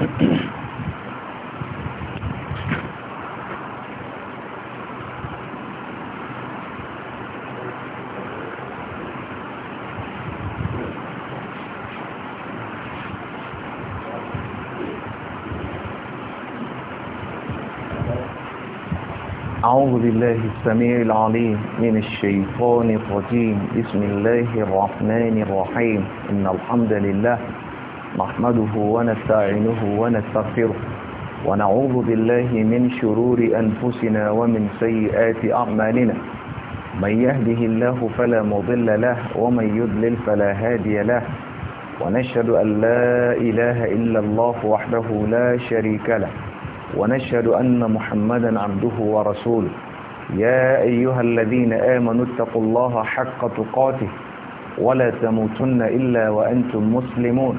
أعوذ بالله السميع العليم من الشيطان الرجيم بسم الله الرحمن الرحيم إن الحمد لله نحمده ونستعينه ونستغفره ونعوذ بالله من شرور أنفسنا ومن سيئات أعمالنا من يهده الله فلا مضل له ومن يضلل فلا هادي له ونشهد أن لا إله إلا الله وحده لا شريك له ونشهد أن محمدا عبده ورسوله يا أيها الذين آمنوا اتقوا الله حق تقاته ولا تموتن إلا وأنتم مسلمون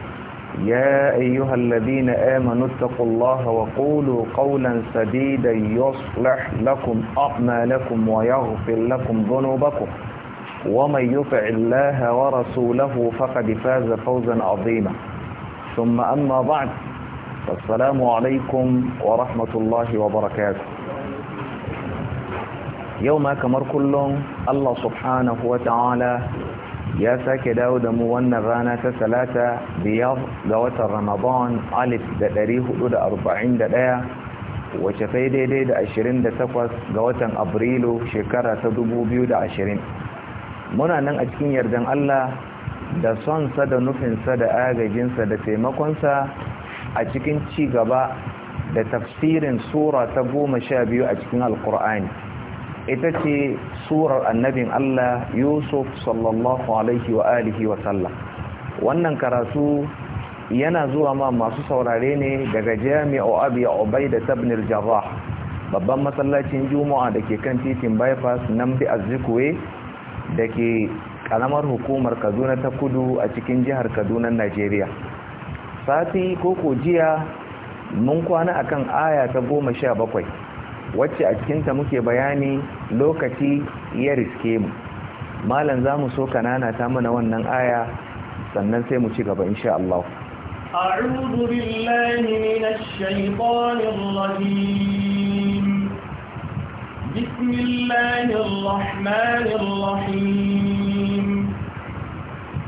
يا أيها الذين آمنوا اتقوا الله وقولوا قولا سديدا يصلح لكم أعمالكم ويغفر لكم ذنوبكم ومن يطع الله ورسوله فقد فاز فوزا عظيما ثم أما بعد السلام عليكم ورحمة الله وبركاته يوم كمر كل الله سبحانه وتعالى ya sake dawo da mu wannan rana ta salata biyar ga watan ramadan alif da ɗari hudu da arba'in da ɗaya wace sai daidai da ashirin da takwas ga watan abrilu shekara ta dubu biyu da ashirin muna nan a cikin yardan allah da son sa da nufinsa da agajinsa da taimakonsa a cikin ci gaba da tafsirin sura ta goma sha biyu a cikin alkur'ani ita ce surar annabin Allah Yusuf sallallahu alaihi wa alihi wa sallam wannan karatu yana zuwa ma masu saurare ne daga jami'o abu ya obai da tabnir jarrah babban masallacin juma'a da ke kan titin bypass namdi azikwe da ke karamar hukumar kaduna ta kudu a cikin jihar kaduna najeriya sati ko jiya mun kwana akan aya ta goma sha bakwai wacce a cikinta muke bayani lokaci ya riske mu malam za mu so kanana ta mana wannan aya sannan sai mu ci gaba insha Allah أعوذ بالله من الشيطان الرجيم بسم الله الرحمن الرحيم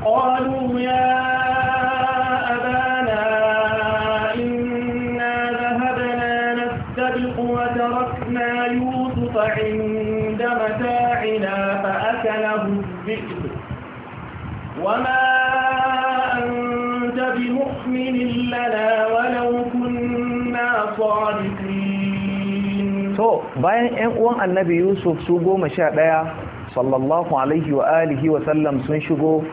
قالوا يا أبانا الذكر وما أنت بمؤمن لنا ولو كنا صادقين تو باين ان uwan annabi Yusuf su goma sha ɗaya sallallahu alaihi wa alihi wa sallam sun shigo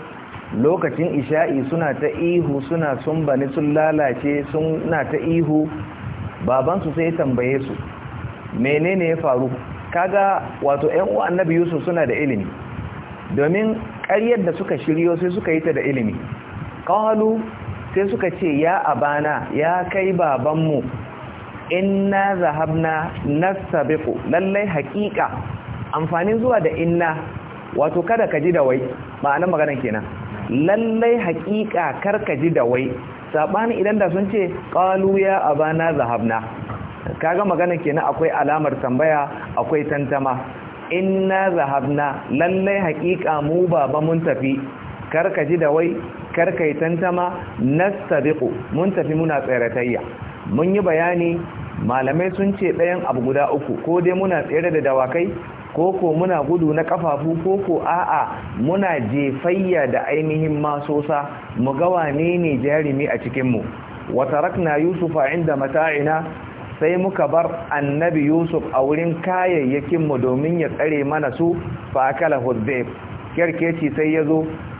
lokacin isha'i suna ta ihu suna sun bani sun lalace suna ta ihu babansu sai tambaye su menene ya faru kaga wato ƴan uwan annabi Yusuf suna da ilimi domin ƙaryar da suka shiryo sai suka yi ta da ilimi ƙalu sai suka ce ya abana ya kai babanmu inna zahabna sabiku lallai haƙiƙa amfanin zuwa da inna wato kada ka ji da wai ma'anin maganar kenan lallai haƙiƙa kar ka ji da wai Saɓani idan da sun ce ƙalu ya abana zahabna kaga maganar kenan akwai alamar tambaya akwai tantama inna zahabna lallai haƙiƙa mu baba mun tafi karka ji da wai kar yi tantama nastabiqu mun tafi muna tsaratayya mun yi bayani malamai sun ce ɗayan abu guda uku ko dai muna tsere da dawakai ko ko muna gudu na kafafu ko ko a'a muna jefayya da ainihin masosa mu ga wane ne jarumi a cikin mu wa tarakna yusufa inda mata'ina sai muka bar annabi yusuf a wurin kayayyakinmu domin ya tsare mana su fa kala hudzib kerkeci sai ya zo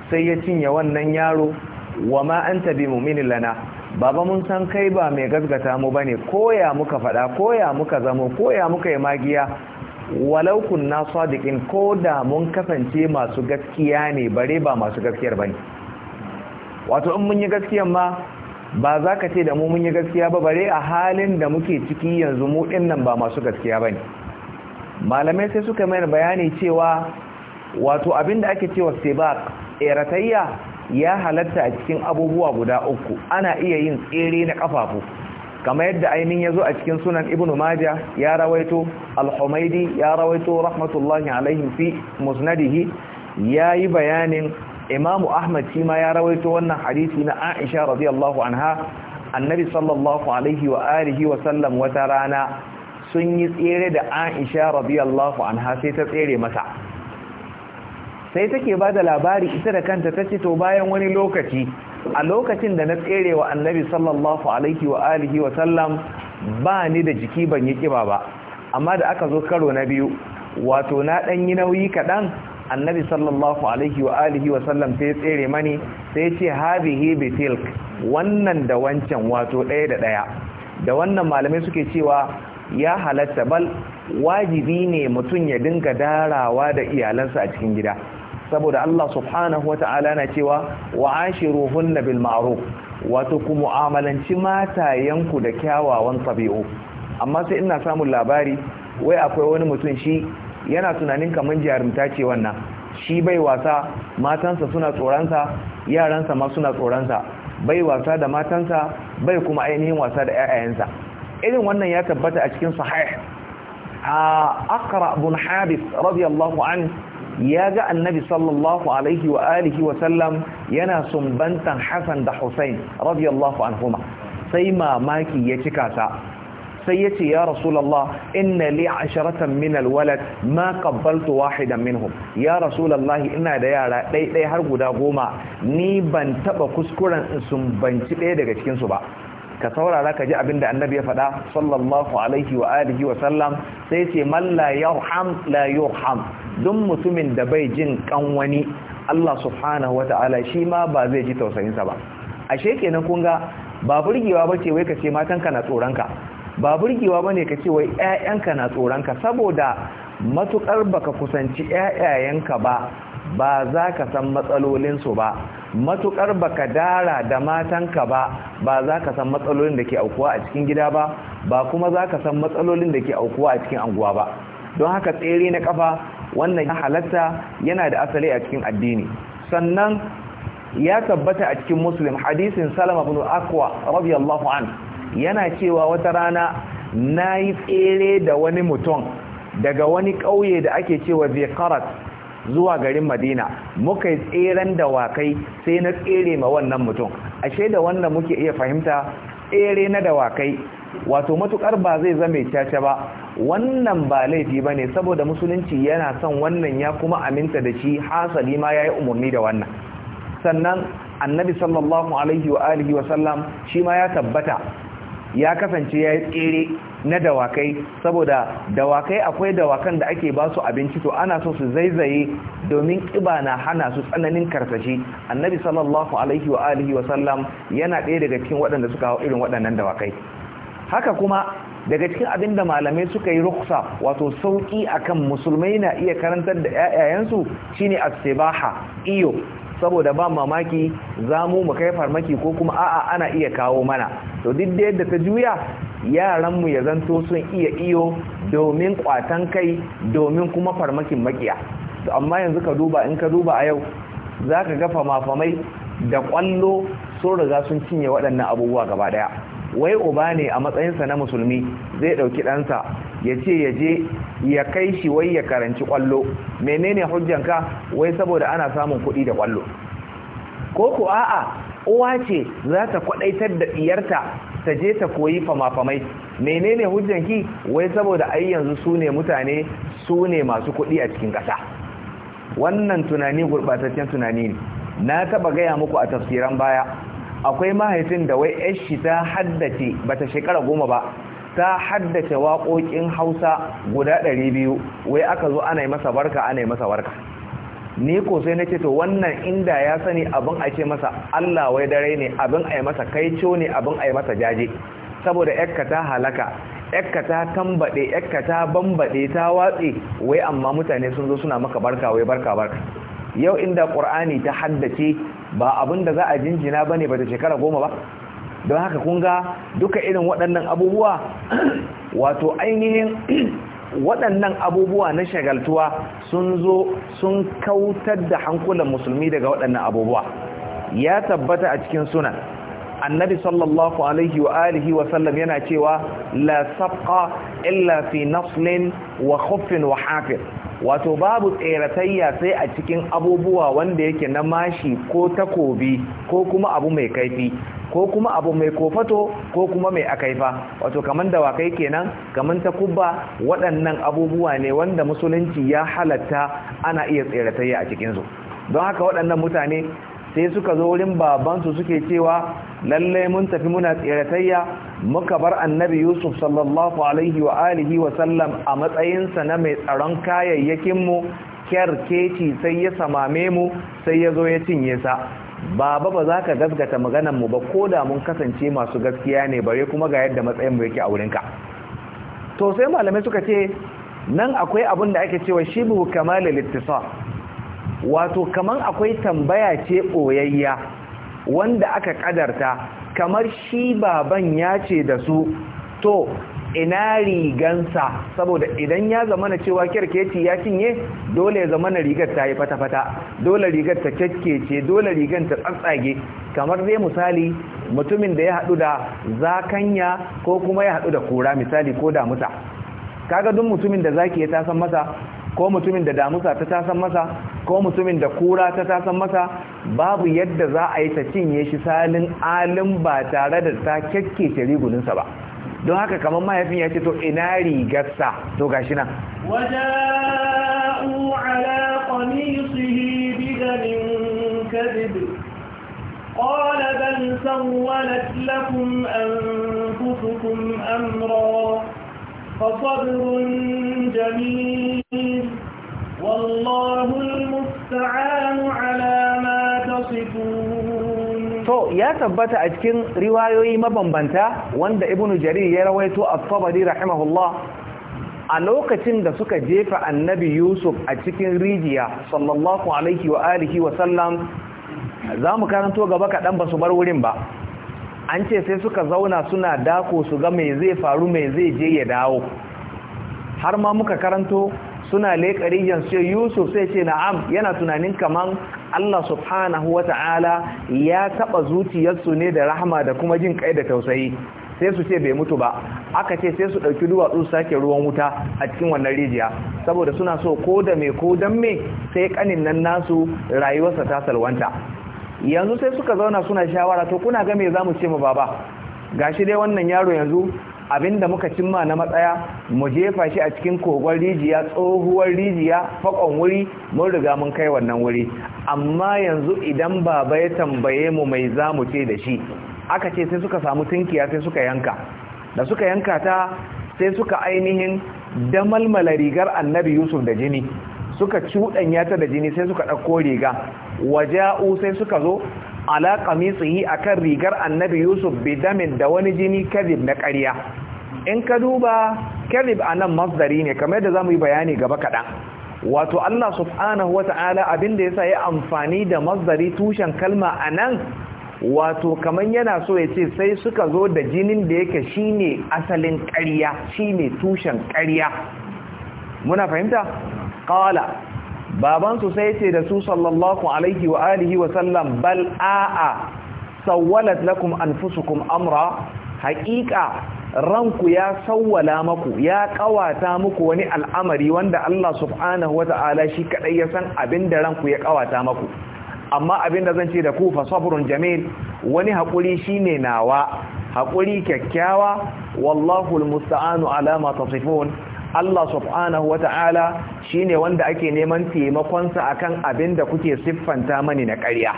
sai ya cinye wannan yaro wa ma anta bi mu'minin lana baba mun san kai ba mai gasgata mu bane koya muka fada koya muka zamo koya muka yi magiya walau kunna sadiqin ko da mun kasance masu gaskiya ne bare ba masu gaskiyar bane wato in mun yi gaskiyar ma ba za ka ce da mu mun yi gaskiya ba bare a halin da muke ciki yanzu mu nan ba masu gaskiya ba ne malamai sai suka mayar bayani cewa wato abin da ake cewa sebak eratayya ya halatta a cikin abubuwa guda uku ana iya yin tsere na kafafu kamar yadda ainihin ya zo a cikin sunan ibnu maja ya rawaito alhumaidi ya rawaito rahmatullahi alaihim fi musnadihi ya yi bayanin imamu ahmad shi ma ya rawaito wannan hadisi na aisha radiyallahu anha annabi sallallahu alaihi wa alihi wa sallam wata rana sun yi tsere da aisha radiyallahu anha sai ta tsere masa. sai take ba da labari ita da kanta ta to bayan wani lokaci a lokacin da na tsere wa annabi sallallahu alaihi wa alihi wa sallam ba ni da jiki ban yi kiba ba amma da aka zo karo na biyu wato na ɗan yi nauyi kaɗan annabi sallallahu alaihi wa alihi wa sallam sai tsere mani sai ce hadhihi bi tilk wannan da wancan wato ɗaya da ɗaya da wannan malamai suke cewa ya halatta bal wajibi ne mutum ya dinga darawa da iyalansa a cikin gida saboda Allah subhanahu wa ta'ala na cewa wa ashiruhunna bil ma'ruf wato ku mu'amalanci matayenku da kyawawan tabi'u amma sai ina samun labari wai akwai wani mutum shi yana tunanin kamar jarumta ce wannan shi bai wasa matansa suna tsoronsa yaransa ma suna tsoronsa bai wasa da matansa bai kuma ainihin wasa da ƴaƴayensa irin wannan ya tabbata a cikin sahih a akra bin habis radiyallahu an ya ga annabi sallallahu alaihi wa alihi wa sallam yana sumbantan hasan da husain radiyallahu anhuma sai mamaki ya cika sa sai yace ya rasulullah inna li asharatan min alwalad ma qabbaltu wahidan minhum ya rasulullah ina da yara dai dai har guda goma ni ban taba kuskuren sun banci ɗaya daga cikin su ba ka saurara ka ji abin da annabi ya faɗa sallallahu alaihi wa alihi wa sallam sai ce man la yarham la yurham dun mutumin da bai jin kan wani Allah subhanahu wa ta'ala shi ma ba zai ji tausayin sa ba ashe kenan kun ga ba burgewa bace wai ka ce matan ka na tsoron ba burgewa ba ne ka ce wai 'ya'yanka na tsoronka saboda matukar baka kusanci 'ya'yanka ba ba za ka san matsalolinsu ba matukar baka dara da matanka ba ba za ka san matsalolin da ke aukuwa a cikin gida ba ba kuma za ka san matsalolin da ke aukuwa a cikin anguwa ba don haka tsere na kafa wannan ya halatta yana da asali a cikin addini sannan ya tabbata a cikin muslim hadisin salama bin akwa radiyallahu anhu yana cewa wata rana na yi tsere da wani mutum daga wani ƙauye da ake cewa karas zuwa garin madina muka yi tseren dawakai sai na tsere ma wannan mutum ashe da wannan muke iya fahimta tsere na dawakai wato matukar ba zai zama caca ba wannan ba laifi ba ne saboda musulunci yana son wannan ya kuma aminta da shi hasali ma ya yi umarni da wannan sannan annabi sallallahu alaihi wa alihi wa sallam shi ma ya tabbata ya kasance ya yi tsere na dawakai saboda dawakai akwai dawakan da ake ba su abinci to ana so su zaizaye domin ƙiba na hana su tsananin karsashi annabi sallallahu alaihi wa alihi wa sallam yana ɗaya daga cikin waɗanda suka hau irin waɗannan dawakai haka kuma daga cikin abin da malamai suka yi ruksa wato sauƙi akan musulmai na iya karantar da 'ya'yayensu shine as iyo saboda ba mamaki za mu mu kai farmaki ko kuma a'a ana iya kawo mana to duk da yadda ta juya yaranmu ya zanto sun iya iyo domin kwatan kai domin kuma farmakin makiya to amma yanzu ka duba in ka duba a yau za ka ga famafamai da kwallo sun riga sun cinye waɗannan abubuwa gaba ɗaya wai uba ne a matsayinsa na musulmi zai ɗauki ɗansa ya ce ya je ya kai shi wai ya karanci kwallo menene hujjanka wai saboda ana samun kuɗi da kwallo ko ku a'a uwa ce za ta kwadaitar da ɗiyarta ta je ta koyi fama-famai menene hujjanki wai saboda ai yanzu su ne mutane su ne masu kuɗi a cikin ƙasa wannan tunani gurɓataccen tunani ne na taɓa gaya muku a tafsiran baya akwai mahaifin da wai yashi ta haddace bata shekara goma ba ta haddace waƙoƙin hausa guda ɗari biyu wai aka zo ana yi masa barka ana yi masa barka ni ko sai nake to wannan inda ya sani abin a ce masa Allah wai dare ne abin a yi masa kaico ne abin a yi masa jaje saboda yakka ta halaka yakka ta tambaɗe yakka ta bambaɗe ta watse wai amma mutane sun zo suna maka barka wai barka barka yau inda ƙur'ani ta haddace ba abin da za a jinjina ba ne ba ta shekara goma ba don haka kun ga duka irin waɗannan abubuwa wato ainihin waɗannan abubuwa na shagaltuwa sun zo sun kautar da hankulan musulmi daga waɗannan abubuwa ya tabbata a cikin suna annabi sallallahu alaihi wa alihi wa sallam yana cewa la sabqa illa fi naslin wa khuffin wa hafir wato babu tseratayya sai a cikin abubuwa wanda yake na mashi ko takobi ko kuma abu mai kaifi ko kuma abu mai kofato ko kuma mai akaifa wato kaman dawakai kenan kaman kubba waɗannan abubuwa ne wanda musulunci ya halatta ana iya tseratayya a cikin su don haka waɗannan mutane sai suka zo wurin babansu suke cewa lallai mun tafi muna tsiratayya muka bar annabi yusuf sallallahu alaihi wa alihi wa sallam a matsayinsa na mai tsaron kayayyakinmu kyarkeci sai ya samame mu sai ya zo ya cinye sa baba ba za ka gaskata mu ba ko da mun kasance masu gaskiya ne bare kuma ga yadda matsayinmu yake a wurinka to sai malamai suka ce nan akwai abin da ake cewa shibu kamalil ittisal wato kamar akwai tambaya ce ɓoyayya wanda aka kadarta kamar shi baban ya ce da su to ina rigansa saboda idan ya zama na cewa kirkeci ya cinye dole ya zama na rigar ta yi fata-fata dole rigar ta kyakkece dole rigar ta tsatsage kamar zai misali mutumin da ya hadu da zakanya ko kuma ya hadu da kura misali ko damuta kaga duk mutumin da zaki ya tasan masa ko mutumin da damusa ta tasan masa ko mutumin da kura ta tasan masa babu yadda za a yi ta cinye shi salin alin ba tare da ta ta riguninsa ba don haka kamar mahaifin ya ce to ina rigarsa to gashi nan waja'u ala فصبر جميل والله المستعان على ما تصفون to ya tabbata a cikin riwayoyi mabambanta wanda ibnu jarir ya rawaito at-tabari rahimahullah a lokacin da suka jefa annabi yusuf a cikin rijiya sallallahu alaihi wa alihi wa sallam za mu karanto gaba kaɗan ba su bar wurin ba an ce sai suka zauna suna dako su ga mai zai faru mai zai je ya dawo har ma muka karanto suna leƙari yansu yusuf sai ce na'am yana tunanin kaman allah subhanahu wa ta'ala ya taɓa zuciyarsu ne da rahama da kuma jin kai da tausayi sai su ce bai mutu ba aka ce sai su ɗauki duwatsu sake ruwan wuta a cikin wannan rijiya saboda suna so ko da mai ko don mai sai kanin nan nasu rayuwarsa ta salwanta yanzu sai suka zauna suna shawara to kuna ga me za mu ce mu baba gashi dai wannan yaro yanzu abinda muka cimma na matsaya mu jefa shi a cikin kogon rijiya tsohuwar rijiya fakon wuri mun riga mun kai wannan wuri amma yanzu idan baba ya tambaye mu mai mu ce da shi aka ce sai suka samu tunkiya sai suka yanka da suka yanka ta sai suka ainihin damalmala rigar annabi yusuf da jini suka cuɗanya ta da jini sai suka ɗauko riga waja'u sai suka zo ala qamisihi akan rigar annabi yusuf bidamin da wani jini kadib na ƙarya in ka duba kadib anan masdari ne kamar yadda zamu yi bayani gaba kaɗan wato Allah subhanahu wata'ala abin da yasa ya amfani da masdari tushen kalma anan wato kamar yana so ya ce sai suka zo da jinin da yake shine asalin ƙarya shine tushen ƙarya muna fahimta qala babansu sai ce da su sallallahu alaihi wa alihi wa sallam bal a'a sawwalat lakum anfusukum amra haqiqa ranku ya sawwala maku ya kawata muku wani al'amari wanda Allah subhanahu wa ta'ala shi kadai ya san abinda ranku ya kawata maku amma abinda zan ce da ku fa sabrun jamil wani hakuri shine nawa hakuri kyakkyawa wallahu almusta'anu ala ma tasifun Allah subhanahu ta'ala shine wanda ake neman taimakonsa akan abin da kuke siffanta mani na ƙarya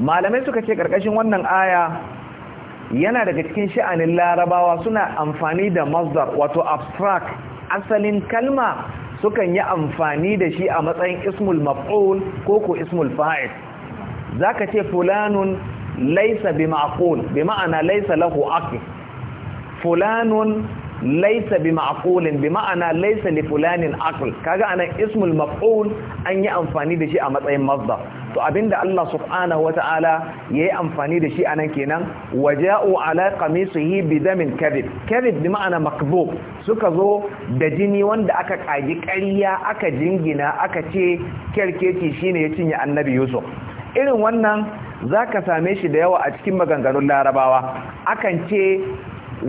malamai suka ce ƙarƙashin wannan aya yana daga cikin sha'anin larabawa suna amfani da mazdar wato abstract asalin kalma sukan yi amfani da shi a matsayin ismul maf'ul ko ko ismul fa'il zaka ce fulanun laysa bima'qul bima'ana laysa lahu aql fulanun laisa bi ma'qulin bi ma'ana laisa li fulanin aql kaga anan ismul maf'ul an yi amfani da shi a matsayin mazda to abinda Allah subhanahu wata'ala yayi amfani da shi anan kenan waja'u ala qamisihi bi damin kadhib kadhib bi ma'ana makdhub suka zo da jini wanda aka kaji ƙarya aka jingina aka ce kerkeci shine ya cinye annabi Yusuf irin wannan zaka same shi da yawa a cikin maganganun larabawa akan ce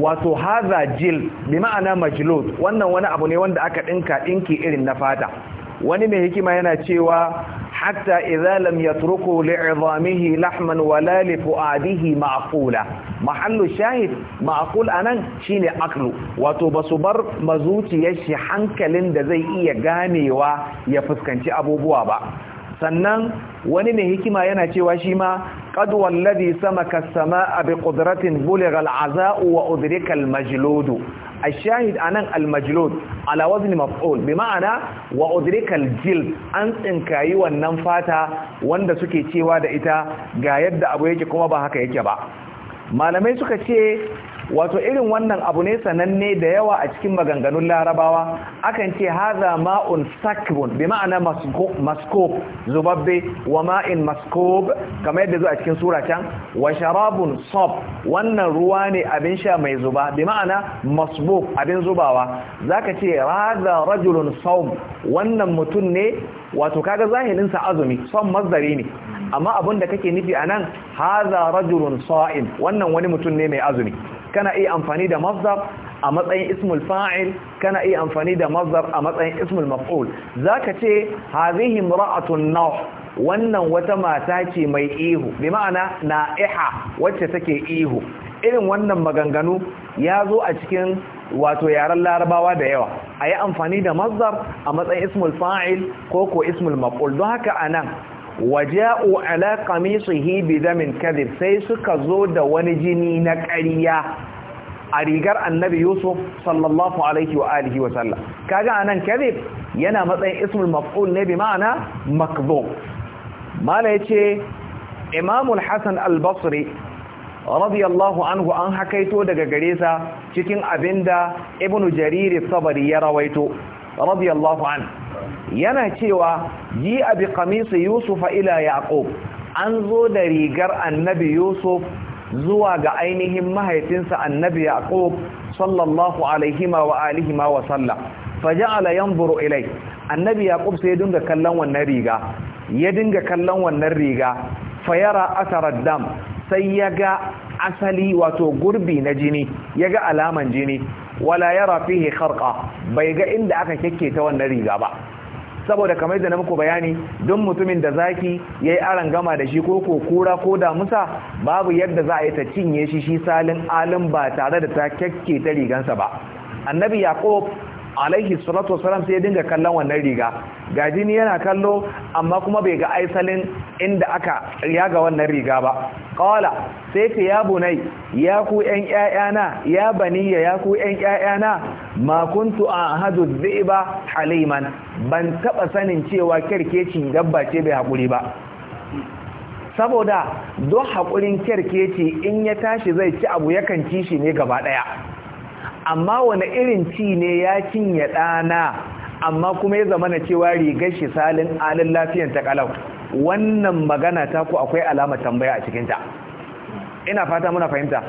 wato haza jil bi ma'ana majlud wannan wani abu ne wanda aka dinka dinki irin na fata wani mai hikima yana cewa hatta idza lam yatruku li'idhamihi lahman wala li fuadihi ma'qula mahallu shahid ma'qul anan shine aklu wato basu bar mazuciyar shi hankalin da zai iya ganewa ya fuskanci abubuwa ba sannan wani mai hikima yana cewa shi ma ƙaduwan ladi sama ka sama a bi ƙudratin buliga al’aza’u wa udirika Majlodo, a shahid a nan almajilud alawazin maf'ul bi ma'ana wa udirika aljil an tsinkayi wannan fata wanda suke cewa da ita ga yadda abu yake kuma ba haka yake ba malamai suka ce wato irin wannan abu ne sananne da yawa a cikin maganganun larabawa akan ce haza ma'un sakbun bi ma'ana maskob zubabbe wa ma'in maskob kamar yadda zuwa cikin sura can wa sharabun sob wannan ruwa ne abin sha mai zuba bi ma'ana masbuk abin zubawa zaka ce haza rajulun saum wannan mutum ne wato kaga zahirin sa azumi son mazdari ne amma abin da kake nufi anan haza rajulun sa'im wannan wani mutum ne mai azumi kana iya amfani da mazhar a matsayin ismul fa'il kana iya amfani da mazhar a matsayin ismul maf'ul zaka ce hazihi imra'atun nah wannan wata mata ce mai ihu bi ma'ana na'iha wacce take ihu irin wannan maganganu ya zo a cikin wato yaren larabawa da yawa a yi amfani da mazhar a matsayin ismul fa'il ko ko ismul maf'ul don haka anan waja'u ala qamisihi bi damin kadhib sai suka zo da wani jini na ƙarya a rigar annabi yusuf sallallahu alaihi wa alihi wa sallam kaga anan kadhib yana matsayin ismul maf'ul ne bi ma'ana makdhub mala yace imamul hasan al-basri radiyallahu anhu an hakaito daga gare sa cikin abinda ibnu jarir sabari ya rawaito radiyallahu anhu yana cewa ji abi qamisi yusuf ila yaqub an zo da rigar annabi yusuf zuwa ga ainihin mahaifinsa annabi yaqub sallallahu alaihi wa alihi wa sallam faja'ala yanzuru ilai annabi yaqub sai dinga kallon wannan riga ya dinga kallon wannan riga fayara asarar dam sai yaga asali wato gurbi na jini yaga alaman jini wala yara fihi kharqa bai ga inda aka kyakketa wannan riga ba saboda kamar da na muku bayani don mutumin da zaki ya yi aron gama da shi ko kura ko damusa babu yadda za a yi ta cinye shi shi salin alin ba tare da ta kyakke ta rigansa ba annabi yaqub alaihi salatu wasalam sai ya dinga kallon wannan riga ga jini yana kallo amma kuma bai ga aisalin inda aka riya ga wannan riga ba Kola, sai ce ya bunai ya ku ƴan ƴaƴana ya baniya ya ku ƴan ƴaƴana ma kuntu zai ba haliman ban taɓa sanin cewa kyarkeci dabba ce bai haƙuri ba saboda don haƙurin kyarkeci in ya tashi zai ci abu yakan ci shi ne gaba ɗaya. amma wani irin ci ne ya cinye ɗana? amma kuma ya zama na cewa rigar shi salin alin lafiyan ta kalau wannan magana ta ku akwai alamar tambaya a cikinta ina fata muna fahimta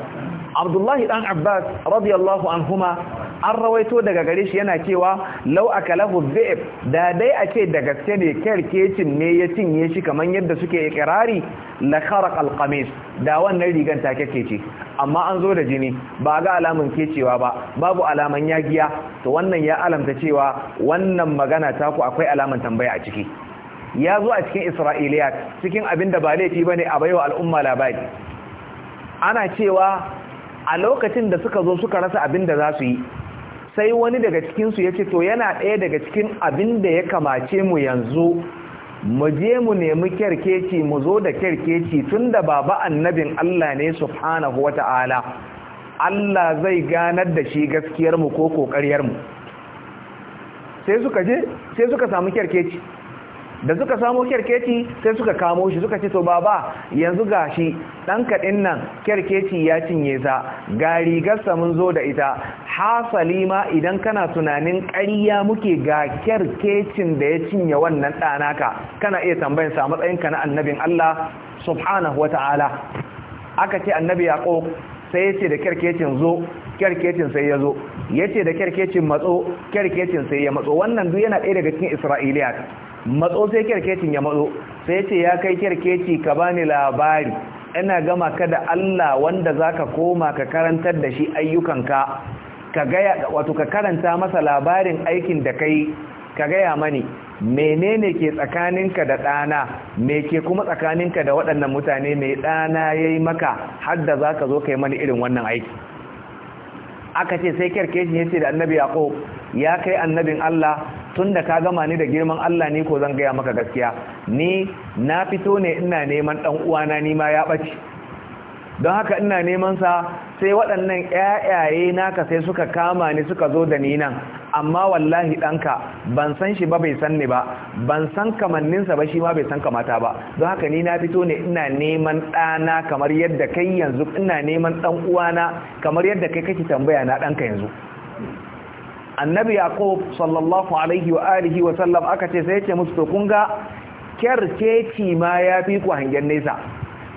abdullahi dan abbas radiyallahu anhuma an rawaito daga gare shi yana cewa law akalahu dhi'b da dai a ce da gaske ne kerkecin ne ya cinye shi kaman yadda suke ikrari la al qamis da wannan rigan kake ce amma an zo da jini ba ga alamun kecewa ba babu alaman yagiya to wannan ya alamta cewa wannan magana ta ku akwai alaman tambaya a ciki ya zo a cikin isra'iliyat cikin abin da ba laifi ba ne a baiwa al'umma labari ana cewa a lokacin da suka zo suka rasa abin da za su yi sai wani daga cikinsu ya ce to yana ɗaya daga cikin abin da ya kamace mu yanzu mu je mu nemi kyarkeci mu zo da kyarkeci tun da baba annabin Allah ne subhanahu wa ta'ala Allah zai ganar da shi gaskiyarmu ko ƙoƙariyarmu. sai suka je sai suka samu kyarkeci da suka samo kyarkeci sai suka kamo shi suka ce to baba yanzu gashi dan kadin nan kyarkeci ya cinye sa ga rigarsa mun zo da ita hasali ma idan kana tunanin ƙarya muke ga kyarkecin da ya cinye wannan ɗanaka kana iya tambayin sa matsayinka na annabin Allah subhanahu wata'ala aka ce annabi yaqo sai ya ce da kyarkecin zo kyarkecin sai ya zo yace da kerkecin matso kerkecin sai ya matso wannan duk yana ɗaya daga cikin isra'iliya matso sai kerkecin ya matso sai yace ya kai kerkeci ka bani labari ina gama ka da Allah wanda zaka koma ka karantar da shi ayyukan ka gaya wato ka karanta masa labarin aikin da kai ka gaya mani menene ke tsakaninka da dana me ke kuma tsakaninka da waɗannan mutane me dana yayi maka har da za zo ka yi mani irin wannan aiki aka ce sai kyarkeji ya ce da annabi yaqub ya kai annabin Allah tunda ka gama ni da girman Allah ni ko zan gaya maka gaskiya ni na fito ne ina neman dan uwana ni ma ya bace don haka ina neman sa sai waɗannan ƴaƴaye naka sai suka kama ni suka zo da ni nan amma wallahi ɗanka ban san shi ba bai san ni ba ban san kamanninsa ba shi ma bai san kamata ba don haka ni na fito ne ina neman ɗana kamar yadda kai yanzu ina neman ɗan uwana kamar yadda kai kake tambaya na ɗanka yanzu annabi yaqub sallallahu alaihi wa alihi wa sallam aka ce sai yace musu to kun ga kyarkeci ma ya fi ku hangen nesa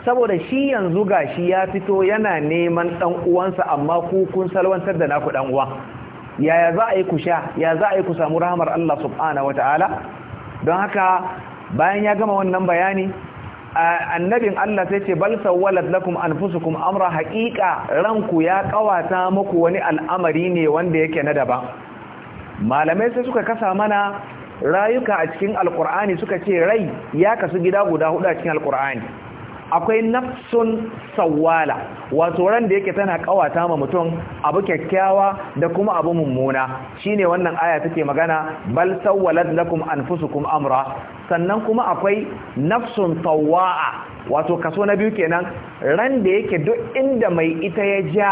saboda shi yanzu gashi ya fito yana neman dan uwansa amma ku kun salwantar da naku dan uwa yaya za a yi ku sha ya za a yi ku samu rahamar Allah subhanahu wataala don haka bayan ya gama wannan bayani annabin Allah sai ce bal sawwalat lakum anfusukum amra haqiqa ranku ya kawata muku wani al'amari ne wanda yake na daban malamai sai suka kasa mana rayuka a cikin alqur'ani suka ce rai ya kasu gida guda hudu a cikin alqur'ani akwai nafsun sawwala wato ran da yake tana kawata ma mutum abu kyakkyawa da kuma abu mummuna shine wannan aya take magana bal sawalat lakum anfusukum amra sannan kuma akwai nafsun tawwa'a wato kaso na biyu kenan ran da yake duk inda mai ita ya ja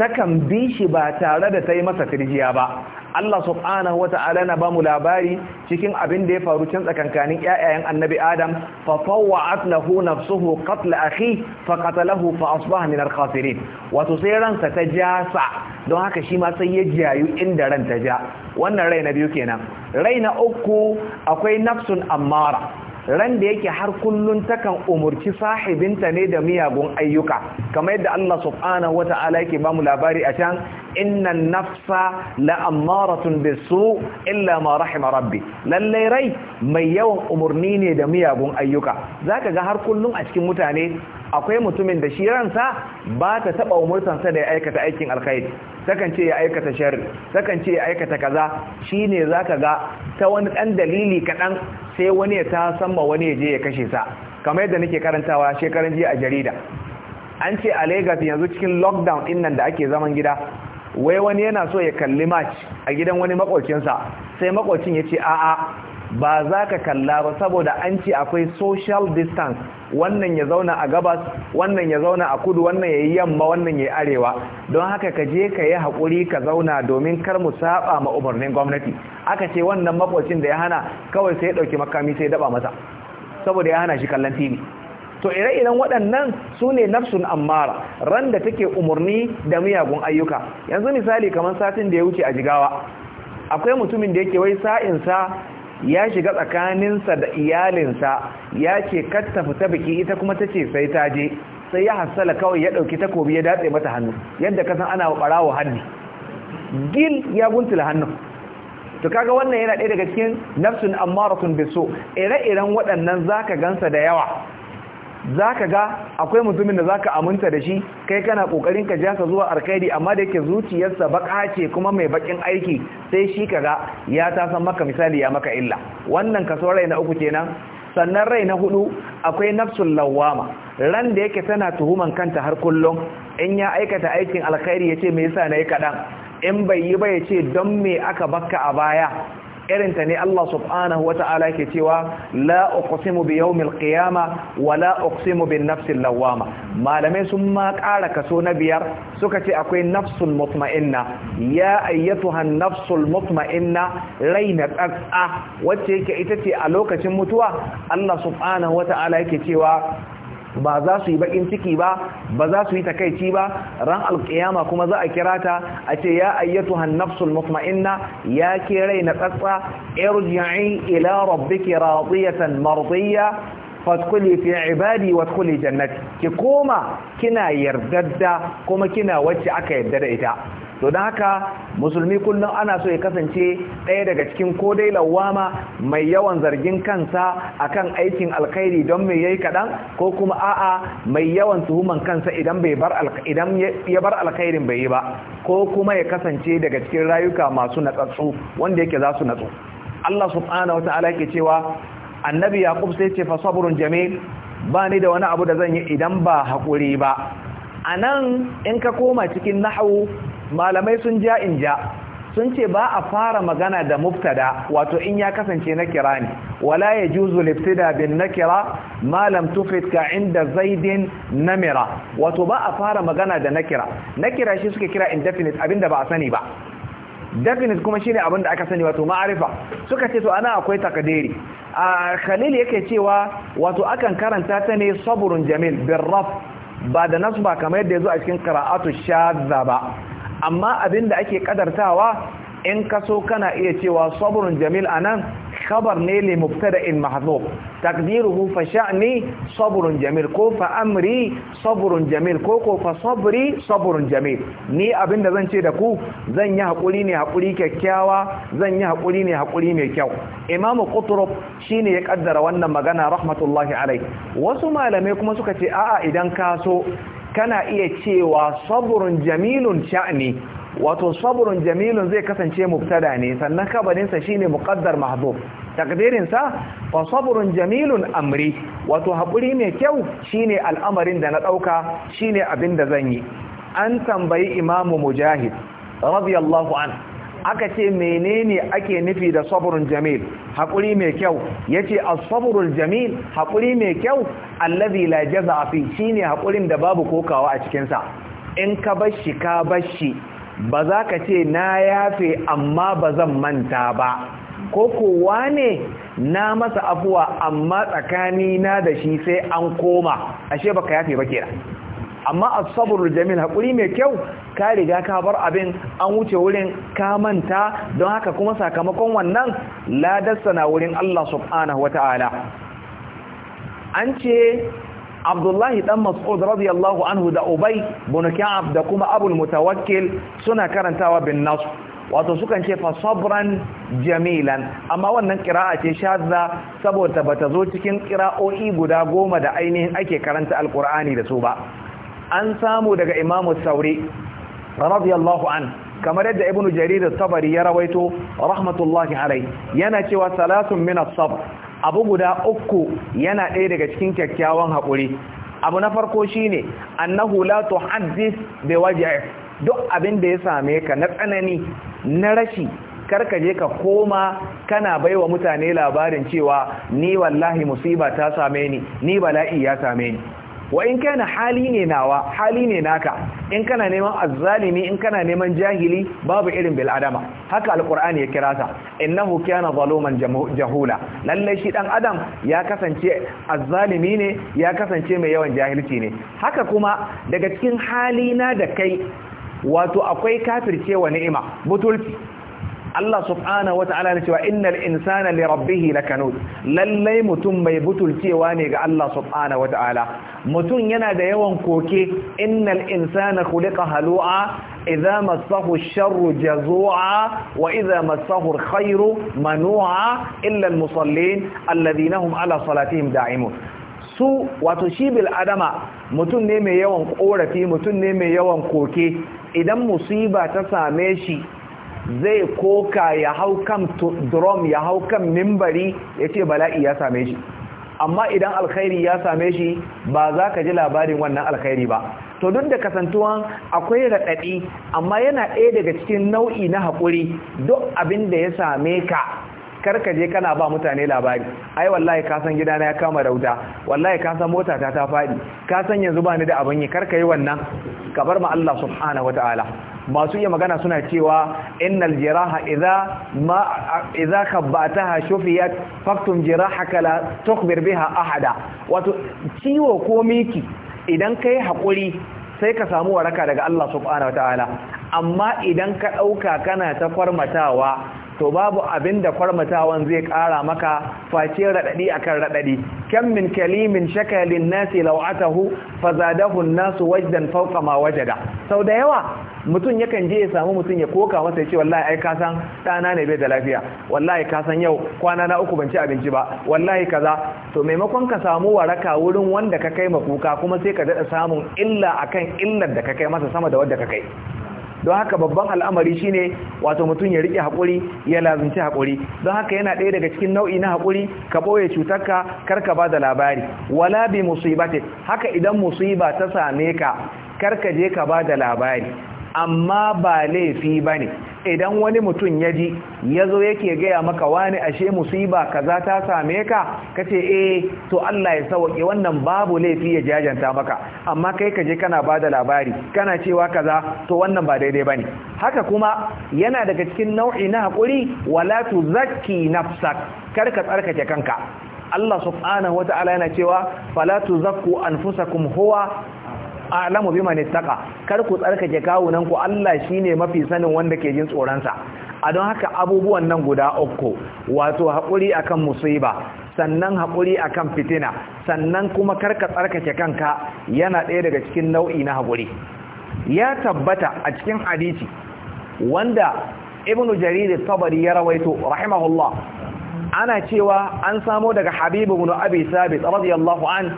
takan bi shi ba tare da ta yi masa firjiya ba Allah subhanahu wa ta'ala na bamu labari cikin abin da ya faru can tsakankanin ƴaƴayen Annabi Adam fa fawwa'at lahu nafsuhu qatl akhi fa qatalahu fa asbaha min al-khasirin wato sai ransa ta jasa don haka shi ma sai ya jayu inda ran ta ja wannan rai na biyu kenan rai na uku akwai nafsun ammara ran da yake har kullun takan umurci sahibinta ne da miyagun ayyuka kamar yadda Allah subhanahu wata'ala yake ba mu labari a can inna nafsa la'amaratun bisu illa ma rahima rabbi lallai rai mai yawan umurni ne da miyagun ayyuka zaka ga har kullun a cikin mutane akwai mutumin da shi ransa ba ta taba umurtansa da ya aikata aikin alkhairi sakan ce ya aikata sharri sakan ce ya aikata kaza shine zaka ga ta wani dan dalili kadan sai wani ya ta ma wani ya je ya kashe sa kamar yadda nake karantawa shekaran jiya a jarida an ce a Lagos yanzu cikin lockdown din nan da ake zaman gida wai wani yana so ya kalli match a gidan wani makocinsa sai makocin ya ce a'a ba za ka kalla ba saboda an ce akwai social distance wannan ya zauna a gabas wannan ya zauna a kudu wannan ya yi yamma wannan ya yi arewa don haka ka je ka yi haƙuri ka zauna domin kar mu saba ma umarnin gwamnati aka ce wannan makwacin da ya hana kawai sai ya ɗauki makami sai ya daba masa saboda ya hana shi kallon tv to ire-iren waɗannan su ne nafsun ammara ran da take umarni da miyagun ayyuka yanzu misali kamar satin da ya wuce a jigawa akwai mutumin da yake wai sa'insa ya shiga tsakaninsa da iyalinsa ya ce katta fita biki ita kuma ta ce sai ta je sai ya hassala kawai ya ɗauki takobi ya datse mata hannu yadda kasan ana ɓarawa hannu gil ya guntula hannu, to kaga wannan yana ɗaya daga cikin nafsun rukun so. ire-iren waɗannan za ka gansa da yawa za ka ga akwai mutumin da za ka aminta da shi kai kana ƙoƙarin ka jasa zuwa alkhairi amma da yake zuciyarsa baka ce kuma mai bakin aiki sai shi ka ga ya ta maka misali ya maka illa wannan kaso rai na uku kenan sannan rai na hudu akwai nafsun lawama ran da yake tana tuhuman kanta har kullum in ya aikata aikin alkhairi ya ce me yasa na yi kaɗan in bai yi ba ya ce don me aka bakka a baya irinta ne Allah subhanahu wa ta'ala yake cewa la uqsimu bi yawmil qiyama wa la uqsimu bin nafsil lawama malamai sun ma ƙara kaso na biyar suka ce akwai nafsul mutma'inna ya ayyatuha nafsul mutma'inna raina tsatsa wacce yake ita ce a lokacin mutuwa Allah subhanahu wa ta'ala yake cewa ba za su yi bakin ciki ba ba za su yi takaici ba ran alkiyama kuma za a kira ta a ce ya ayyatu hannafsul mutma'inna ya ke rai na tsatsa irji'i ila rabbiki radiyatan mardiya fadkhuli fi ibadi wadkhuli jannati ki koma kina yardadda kuma kina wacce aka yarda da ita to don haka musulmi kullum ana so ya kasance ɗaya daga cikin ko dai lawama mai yawan zargin kansa akan aikin alkhairi don mai yayi kaɗan ko kuma a'a mai yawan tuhuman kansa idan bai ya bar alkhairin bai yi ba ko kuma ya kasance daga cikin rayuka masu natsatsu wanda yake za su natsu Allah subhanahu wata'ala yake cewa annabi yaqub sai ce fa sabrun jamil ba ni da wani abu da zan yi idan ba hakuri ba anan in ka koma cikin nahwu malamai sun ja in ja sun ce ba a fara magana da muftada wato in ya kasance na kira ne wala ya juzu liftida bin nakira malam tufid ka inda zaidin namira wato ba a fara magana da nakira nakira shi suke kira indefinite abinda ba a sani ba definite kuma shine abinda aka sani wato ma'arifa suka ce to ana akwai takadiri a khalil yake cewa wato akan karanta ta ne sabrun jamil bin raf ba da nasba kamar yadda zo a cikin kara'atu Shaza ba amma abin da ake kadartawa in kaso kana iya cewa sabrun jamil anan khabar ne li mubtada'in mahdhub taqdiruhu fa sha'ni sabrun jamil ko fa amri sabrun jamil ko ko fa sabri sabrun jamil ni abin da zan ce da ku zan yi hakuri ne hakuri kyakkyawa zan yi hakuri ne hakuri mai kyau imam qutrub shine ya kaddara wannan magana rahmatullahi alai wasu malamai kuma suka ce a'a idan ka so. kana iya cewa saburun jamilun sha'ni wato sabrun jamilun zai kasance mubtada ne sannan kabarinsa shine muqaddar mahdhuf takdirin sa fa jamilun amri wato haƙuri mai kyau shine al'amarin da na dauka shine abin da zan yi an tambayi imamu mujahid radiyallahu anhu aka ce menene ake nufi da sabrun jamil haƙuri mai kyau yace as-sabrul jamil haƙuri mai kyau allazi la jaza fi shine haƙurin da babu kokawa a cikinsa. in ka bashi ka bashi ba za ka ce na yafe amma ba zan manta ba ko kowa ne na masa afuwa amma tsakanina da shi sai an koma ashe baka yafe ba kenan amma as-sabr jamil hakuri mai kyau ka riga ka bar abin an wuce wurin ka manta don haka kuma sakamakon wannan ladarsa na wurin Allah subhanahu wataala an ce Abdullahi dan Mas'ud radiyallahu anhu da Ubay bin Ka'ab da kuma Abu mutawakkil suna karantawa bin Nasr wato sukan ce fa sabran jamilan amma wannan qira'a ce shadda saboda bata zo cikin qira'o'i guda goma da ainihin ake karanta alkur'ani da su ba an samu daga imamu sauri radiyallahu an kamar yadda ibn jarir sabari ya rawaito rahmatullahi alai yana cewa salatun min as-sabr abu guda uku yana ɗaya daga cikin kyakkyawan haƙuri abu na farko shine annahu la tuhaddis bi waj'i duk abin da ya same ka na tsanani na rashi Kar ka je ka koma kana baiwa mutane labarin cewa ni wallahi musiba ta same ni ni bala'i ya same ni wa in kana hali ne nawa hali ne naka in kana neman azzalimi in kana neman jahili babu irin bil adama haka alqur'ani ya kira ta innahu kana zaluman jahula lalle shi dan adam ya kasance azzalimi ne ya kasance mai yawan jahilci ne haka kuma daga cikin hali na da kai wato akwai kafircewa ni'ima butulci Allah subhanahu wata'ala ya cewa innal insana li rabbihi lakanut lallai mutum mai butulcewa ne ga Allah subhanahu wata'ala mutum yana da yawan koke innal insana khuliqa halu'a idza massahu ash-sharru jazua wa idza massahu al-khairu manu'a illa al-musallin alladhina hum ala salatihim da'imun su wato shi bil adama mutum ne mai yawan korafi mutum ne mai yawan koke idan musiba ta same shi zai koka ya hau kan drum ya hau kan mimbari ya ce bala'i ya same shi amma idan alkhairi ya same shi ba za ka ji labarin wannan alkhairi ba to duk da kasantuwan akwai raɗaɗi amma yana ɗaya daga cikin nau'i na haƙuri duk abin da ya same ka karkaje je kana ba mutane labari ai wallahi ka san gidana ya kama rauta wallahi ka san mota ta ta fadi ka san yanzu ba ni da abin yi ka yi wannan ka bar ma Allah subhanahu wataala masu iya magana suna cewa innal jiraha idza ma idza shufiyat faktum jirahaka la tukhbir biha ahada wato ciwo ko miki idan kai hakuri sai ka samu waraka daga Allah subhanahu wataala amma idan ka dauka kana ta farmatawa to babu abin da kwarmatawan zai kara maka face radadi akan raɗaɗi kam min kalimin shakalin nasi fa fazadahu nasu wajdan fawqa ma wajada sau da yawa mutum yakan je ya samu mutum ya koka masa ya ce wallahi ai ka san ɗana ne bai da lafiya wallahi ka san yau kwana na uku ban ci abinci ba wallahi kaza to maimakon ka samu waraka wurin wanda ka kai ma kuka kuma sai ka dada samun illa akan illar da ka kai masa sama da wanda ka kai don haka babban al'amari shine wato mutum ya rike hakuri ya lazunci hakuri don haka yana ɗaya daga cikin nau'i na hakuri ka ɓoye cutarka karka ba da labari wala bi musibati haka idan musiba ta same ka kar ka je ka ba da labari amma ba laifi bane idan wani mutum ya ji ya zo yake gaya maka wani ashe musiba kaza ta same ka ka ce eh to Allah ya sauke wannan babu laifi ya jajanta maka amma kai ka je kana ba da labari kana cewa kaza to wannan ba daidai bane haka kuma yana daga cikin nau'i na haƙuri wala tuzakki nafsak kar ka tsarkake kanka Allah subhanahu wata'ala yana cewa fala tuzakku anfusakum huwa a'lamu bima ittaqa kar ku tsarkake kawunan ku Allah shine mafi sanin wanda ke jin tsoron sa a don haka abubuwan nan guda uku wato hakuri akan musiba sannan hakuri akan fitina sannan kuma karka tsarkake kanka yana ɗaya daga cikin nau'i na hakuri ya tabbata a cikin hadisi wanda ibnu jarir tabari ya rawaito rahimahullah ana cewa an samo daga habibu ibn abi sabit radiyallahu an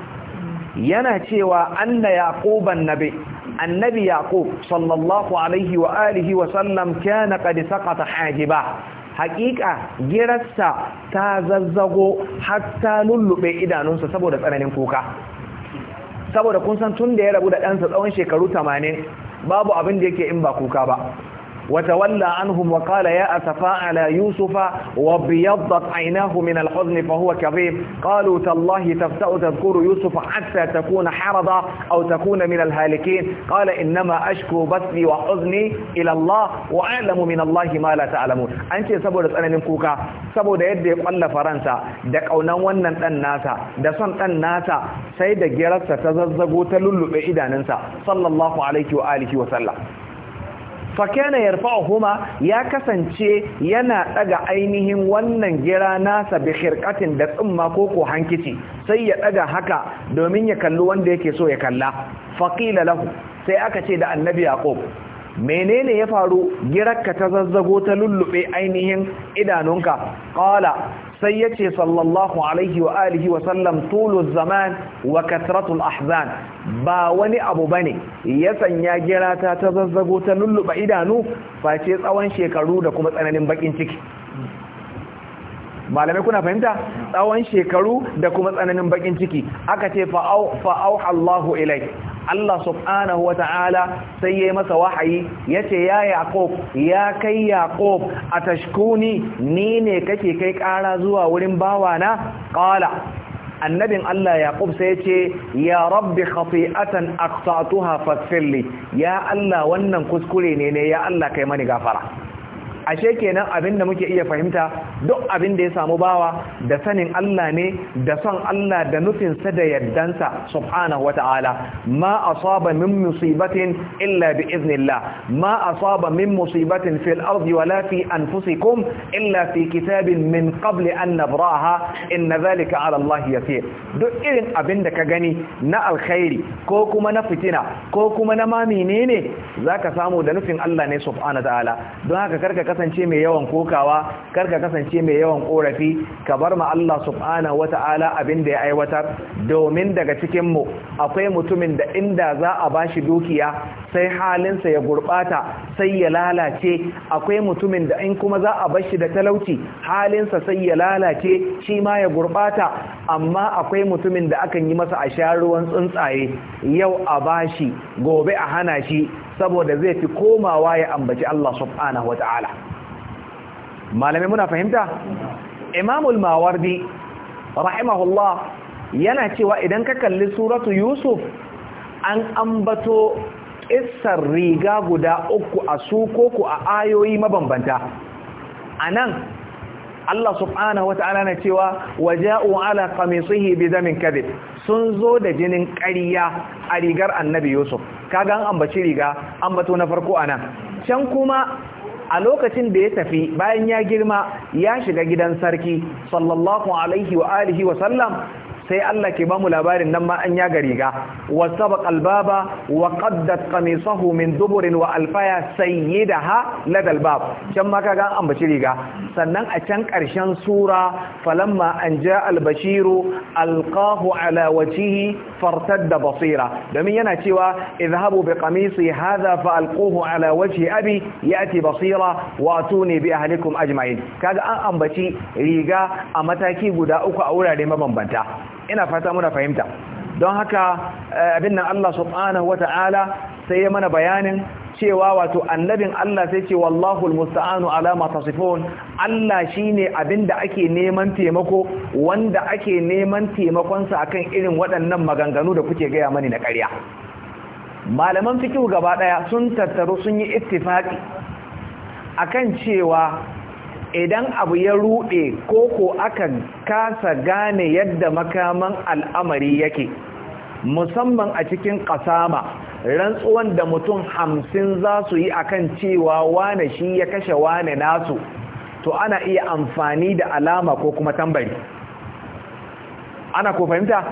yana cewa anna yaquban nabi annabi yaqub sallallahu alaihi wa alihi wa sallam kana qad saqata hajiba haqiqa girarsa ta zazzago hatta lullube idanunsa saboda tsananin kuka saboda kun san tun da ya rabu da ɗansa tsawon shekaru 80 babu abin da yake in ba kuka ba وتولى عنهم وقال يا أسفا على يوسف وابيضت عيناه من الحزن فهو كظيم قالوا تالله تفتأ تذكر يوسف حتى تكون حرضا أو تكون من الهالكين قال إنما أشكو بثي وحزني إلى الله وأعلم من الله ما لا تعلمون أنت سبب tsananin kuka saboda yadda ya kwalla faransa da kaunan wannan dan nasa da son dan nasa sai da girarsa ta zazzago ta lullube idanunsa sallallahu alaihi wa alihi wa sallam fakena rufa huma ya kasance yana ɗaga ainihin wannan gira nasa bi khirqatin da tsumma ko ko hankici sai ya ɗaga haka domin ya kalli wanda yake so ya kalla faqila lahu sai aka ce da annabi yaqub menene ya faru girarka ta zazzago ta lullube ainihin idanunka qala sai yace sallallahu alaihi wa alihi wa sallam tulul zaman wa katratul ahzan ba wani abu bane ya sanya girata ta zazzago ta lulluba idanu face tsawon shekaru da kuma tsananin bakin ciki malamai kuna fahimta tsawon shekaru da kuma tsananin bakin ciki aka ce fa'au Allahu ilai Allah subhanahu wa ta'ala sai ya yi masa wahayi ya ce ya yaƙob ya kai yaƙob a tashkuni ni ne kake kai ƙara zuwa wurin bawana ƙala annabin Allah Yaqub sai ya ce ya rabbi khati'atan aqta'tuha faghfirli ya Allah wannan kuskure ne ne ya Allah kai mani gafara ashe kenan abin da muke iya fahimta duk abin da ya samu bawa da sanin Allah ne da son Allah da nufin sa da yardansa subhanahu wata'ala ma asaba min musibatin illa bi iznillah ma asaba min musibatin fil ardi wala fi anfusikum illa fi kitabin min qabli an nabraha inna zalika ala Allah yasir duk irin abin da ka gani na alkhairi ko kuma na fitina ko kuma na ma menene zaka samu da nufin Allah ne subhanahu wata'ala don haka karka kasance mai yawan kokawa kar ka kasance mai yawan korafi ka bar ma Allah subhanahu wata'ala abin da ya aiwatar domin daga cikin mu akwai mutumin da inda za a bashi dukiya sai halinsa ya gurbata sai ya lalace akwai mutumin da in kuma za a bashi da talauci halinsa sai ya lalace shi ma ya gurbata amma akwai mutumin da akan yi masa a sha ruwan tsuntsaye yau a bashi gobe a hana shi saboda zai fi komawa ya ambaci Allah subhanahu wa ta'ala malamai muna fahimta imamul mawardi rahimahullah yana cewa idan ka kalli suratu yusuf an ambato ƙisar riga guda uku a su ko a ayoyi mabambanta a nan Allah subhanahu wata'ala na cewa waja'u ala qamisihi bi damin kadhib sun zo da jinin ƙarya a rigar Annabi Yusuf kaga an ambaci riga an bato na farko anan can kuma a lokacin da ya tafi bayan ya girma ya shiga gidan sarki sallallahu alaihi wa alihi wa sallam sai Allah ke ba mu labarin nan ma an yaga riga wa sabaqa albaba wa qaddat qamisahu min duburin wa alfaya sayyidaha ladal bab can ma kaga an baci riga sannan a can karshen sura falamma an jaa albashiru alqahu ala wajhihi fartadda basira domin yana cewa idhabu bi qamisi hadha fa alquhu ala wajhi abi yati basira wa atuni bi ahlikum ajma'in kaga an ambaci riga a mataki guda uku a wurare mabambanta ina fata muna fahimta don haka eh, abin nan Allah subhanahu wata'ala sai ya mana bayanin cewa wato annabin Allah sai ce wallahu almusta'anu ala ma tasifun Allah shine abinda ake neman taimako wanda ake neman taimakon sa akan irin waɗannan maganganu da kuke gaya mani na ƙarya malaman fikihu gaba daya sun tattaru sun yi ittifaqi akan cewa idan abu ya ruɗe ko ko aka kasa gane yadda makaman al'amari yake musamman a cikin ƙasama rantsuwan da mutum hamsin za su yi akan cewa wane shi ya kashe wane nasu to ana iya amfani da alama ko kuma tambari ana ko fahimta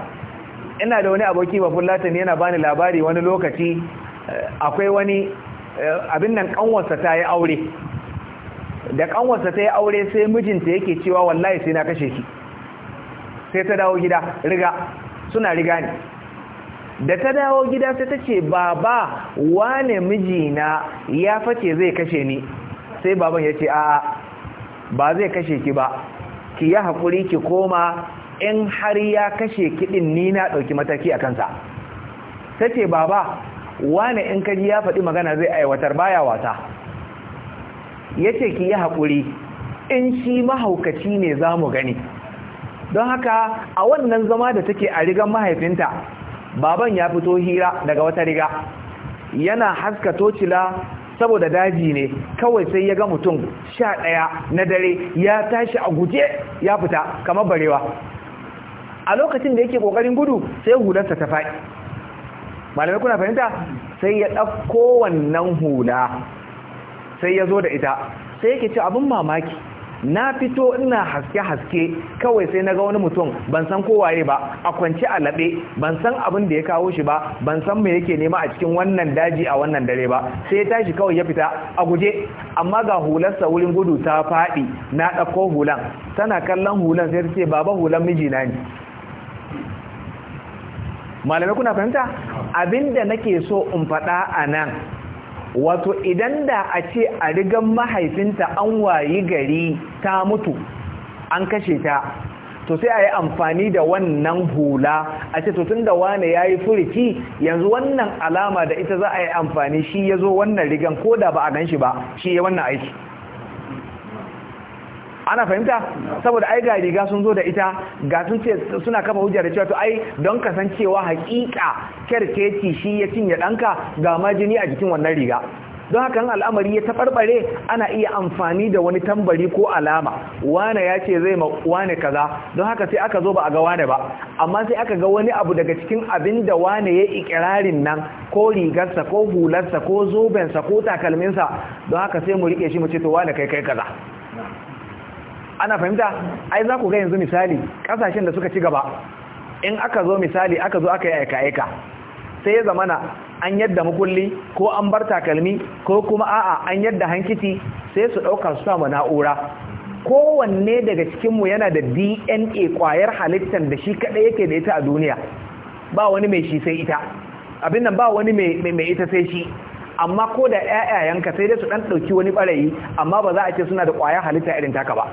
ina da wani aboki ba fulatani yana bani labari wani lokaci eh, akwai wani eh, abin nan kanwarsa ta yi aure da kanwarsa ta yi aure sai mijinta yake cewa wallahi sai na kashe shi sai ta dawo gida riga suna riga ne da ta dawo gida sai ta ce baba wane mijina ya face zai kashe ni sai baban ya ce a'a ba zai kashe ki ba ki yi haƙuri ki koma in har ya kashe kiɗin ni na ɗauki mataki a kansa ta ce baba wane in kaji ya faɗi magana zai aiwatar baya wata ya ce ki yi haƙuri in shi mahaukaci ne za mu gani don haka a wannan zama da take a rigar mahaifinta baban ya fito hira daga wata riga yana haska tocila saboda daji ne kawai sai ya ga mutum sha ɗaya na dare ya tashi a guje ya fita kamar barewa a lokacin da yake ƙoƙarin gudu sai hularsa ta faɗi malamai kuna fahimta sai ya ɗauko wannan hula sai ya zo da ita sai yake ce abin mamaki na fito ina haske-haske kawai sai na ga wani mutum ban san kowaye ba a kwance a laɓe ban san abin da ya kawo shi ba ban san me yake nema a cikin wannan daji a wannan dare ba sai ya tashi kawai ya fita a guje amma ga hularsa wurin gudu ta faɗi na ɗauko hulan tana kallon hulan sai ta ce baba hulan mijina ne malamai kuna fahimta abinda nake so in faɗa a nan wato idan da a ce a rigan mahaifinta an wayi gari ta mutu an kashe ta to sai a yi amfani da wannan hula a ce to tun da wane ya yi yanzu wannan alama da ita za a yi amfani shi ya zo wannan rigan ko da ba a gan ba shi ya wannan aiki ana fahimta saboda ai ga riga sun zo da ita ga sun ce suna kafa hujja da cewa to ai don kasancewa hakika kerkeci shi ya cinye ɗanka, ga majini a jikin wannan riga don haka al'amari ya taɓarɓare ana iya amfani da wani tambari ko alama wane ya ce zai wane kaza don haka sai aka zo ba a ga wane ba amma sai aka ga wani abu daga cikin abin da wane ya ikirarin nan ko rigarsa ko hularsa ko zobensa ko takalminsa don haka sai mu riƙe shi mu ce to wane kai kai kaza ana fahimta ai za ku ga yanzu misali kasashen da suka ci gaba in aka zo misali aka zo aka yi aika-aika sai ya zamana an yadda makulli ko an bar takalmi ko kuma a'a an yadda hankiti sai su ɗauka su sama na'ura kowanne daga cikinmu yana da dna kwayar halittar da shi kaɗai yake da ita a duniya ba wani mai shi sai ita abin nan ba wani mai ita sai shi amma ko da 'ya'yanka sai dai su ɗan ɗauki wani ɓarayi amma ba za a ce suna da ƙwayar halitta irin taka ba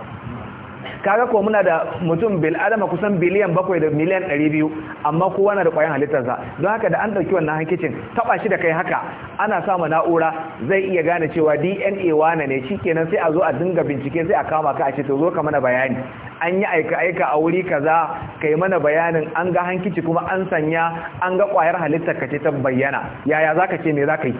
kaga ko muna da mutum bil adama kusan biliyan bakwai da miliyan ɗari biyu amma kowa na da ƙwayan halittarsa don haka da an ɗauki wannan hankicin taɓa shi da kai haka ana sama na'ura zai iya gane cewa dna wane ne shi kenan sai a zo a dinga bincike sai a kama ka a ce to zo ka mana bayani an yi aika-aika a wuri kaza kai mana bayanin an ga hankici kuma an sanya an ga ƙwayar halittar ka ce ta bayyana yaya zaka ce me za ka yi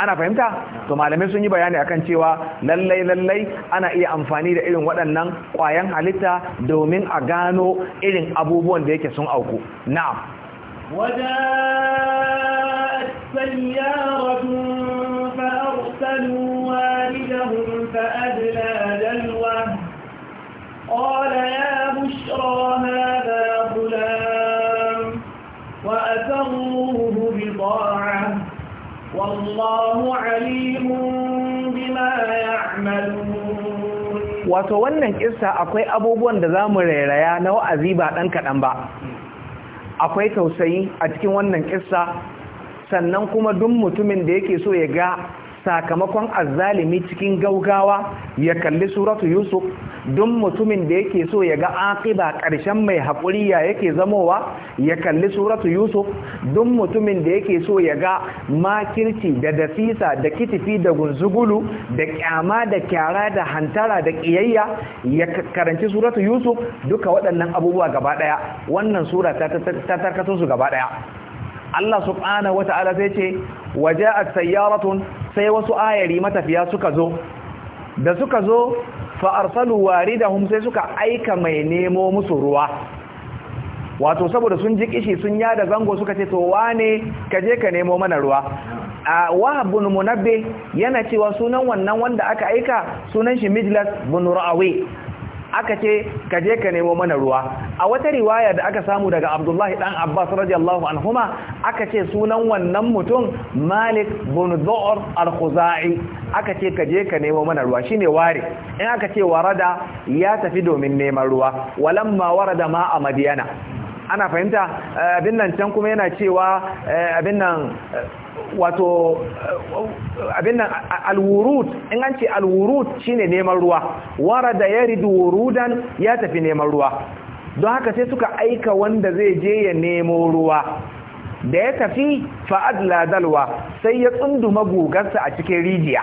ana fahimta to malamai sun yi bayani akan cewa lallai lallai ana iya amfani da irin waɗannan ƙwayan halitta domin a gano irin abubuwan da yake sun auku na'am وجاءت سيارة فأرسلوا والدهم فأدلى دلوه قال يا بشرى هذا غلام وأسروه بضاعة والله عليم بما يعملون wato wannan kissa akwai abubuwan da zamu rairaya na wa'azi ba dan kadan ba akwai tausayi a cikin wannan kissa sannan kuma duk mutumin da yake so ya ga sakamakon azzalimi cikin gaugawa ya kalli suratu yusuf don mutumin da yake so ya ga aƙiba ƙarshen mai haƙuri ya yake zamowa ya kalli suratu yusuf don mutumin da yake so ya ga makirci da Dafisa da kitifi da gunzugulu da kyama da kyara da hantara da ƙiyayya ya karanci suratu yusuf duka waɗannan abubuwa gaba ɗaya wannan sura ta tarkatunsu gaba ɗaya Allah subhanahu wata'ala sai ce waje waja'at sayyaratun sai wasu ayari matafiya suka zo da suka zo fa arsalu waridahum sai suka aika mai nemo musu ruwa wato saboda sun ji kishi sun yada zango suka ce to wane kaje ka nemo mana ruwa a wahab bin yana cewa sunan wannan wanda aka aika sunan shi mijlas bin ra'awi aka ce ka je ka nemo mana ruwa a wata riwaya da aka samu daga abdullahi dan abbas radiyallahu anhuma aka ce sunan wannan mutum malik bin zu'ur al-khuzai aka ce ka je ka nemo mana ruwa shine ware in aka ce warada ya tafi domin neman ruwa walamma warada ma a madiyana ana fahimta eh, abin nan can kuma yana cewa eh, abin nan eh, wato abin nan alwurud in an ce alwurud shine neman ruwa warada yaridu wurudan ya tafi neman ruwa don haka sai suka aika wanda zai je ya nemo ruwa da ya tafi fa'adla dalwa sai ya tsunduma gugarsa a cikin rijiya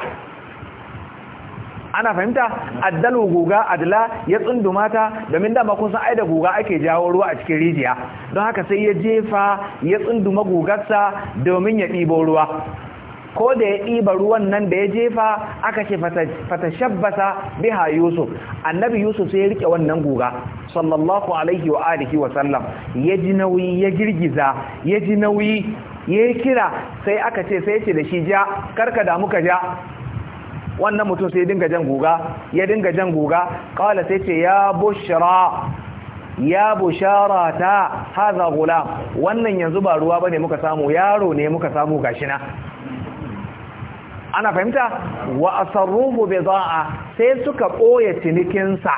ana fahimta addalu guga adla ya tsunduma ta domin dama kun san aida guga ake jawo ruwa a cikin rijiya don haka sai ya jefa ya tsunduma gugarsa domin ya ɗibo ruwa ko da ya ɗiba ruwan nan da ya jefa aka ce shabbasa biha yusuf annabi yusuf sai ya rike wannan guga sallallahu alaihi wa alihi wa sallam ya ji nauyi ya girgiza ya ji nauyi ya kira sai aka ce sai ce da shi ja karka da muka ja wannan mutum sai dinga jan guga ya dinga jan guga qala sai ce ya bushra ya bushara ta haza gula wannan yanzu ba ruwa ba ne muka samu yaro ne muka samu gashina. ana fahimta wa asarruhu bid'a sai suka boye tinikinsa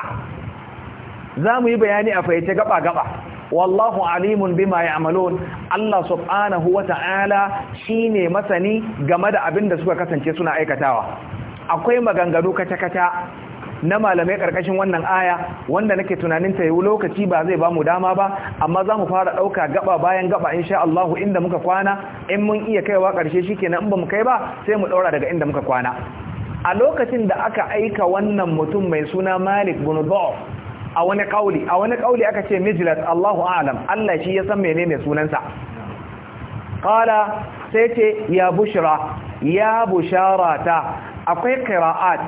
Za zamu yi bayani a faice gaba gaba wallahu alimun bima ya'malun Allah subhanahu wata'ala shine masani game da abin da suka kasance suna aikatawa akwai maganganu kata-kata na malamai karkashin wannan aya wanda nake tunanin ta yiwu lokaci ba zai ba mu dama ba amma za mu fara ɗauka gaba bayan gaba insha Allah inda muka kwana in mun iya kaiwa ƙarshe shi in ba mu kai ba sai mu ɗaura daga inda muka kwana a lokacin da aka aika wannan mutum mai suna Malik bin a wani kauli a wani kauli aka ce mijilat Allahu a'lam Allah shi ya san menene sunansa qala sai ce ya bushra ya busharata akwai ƙira'at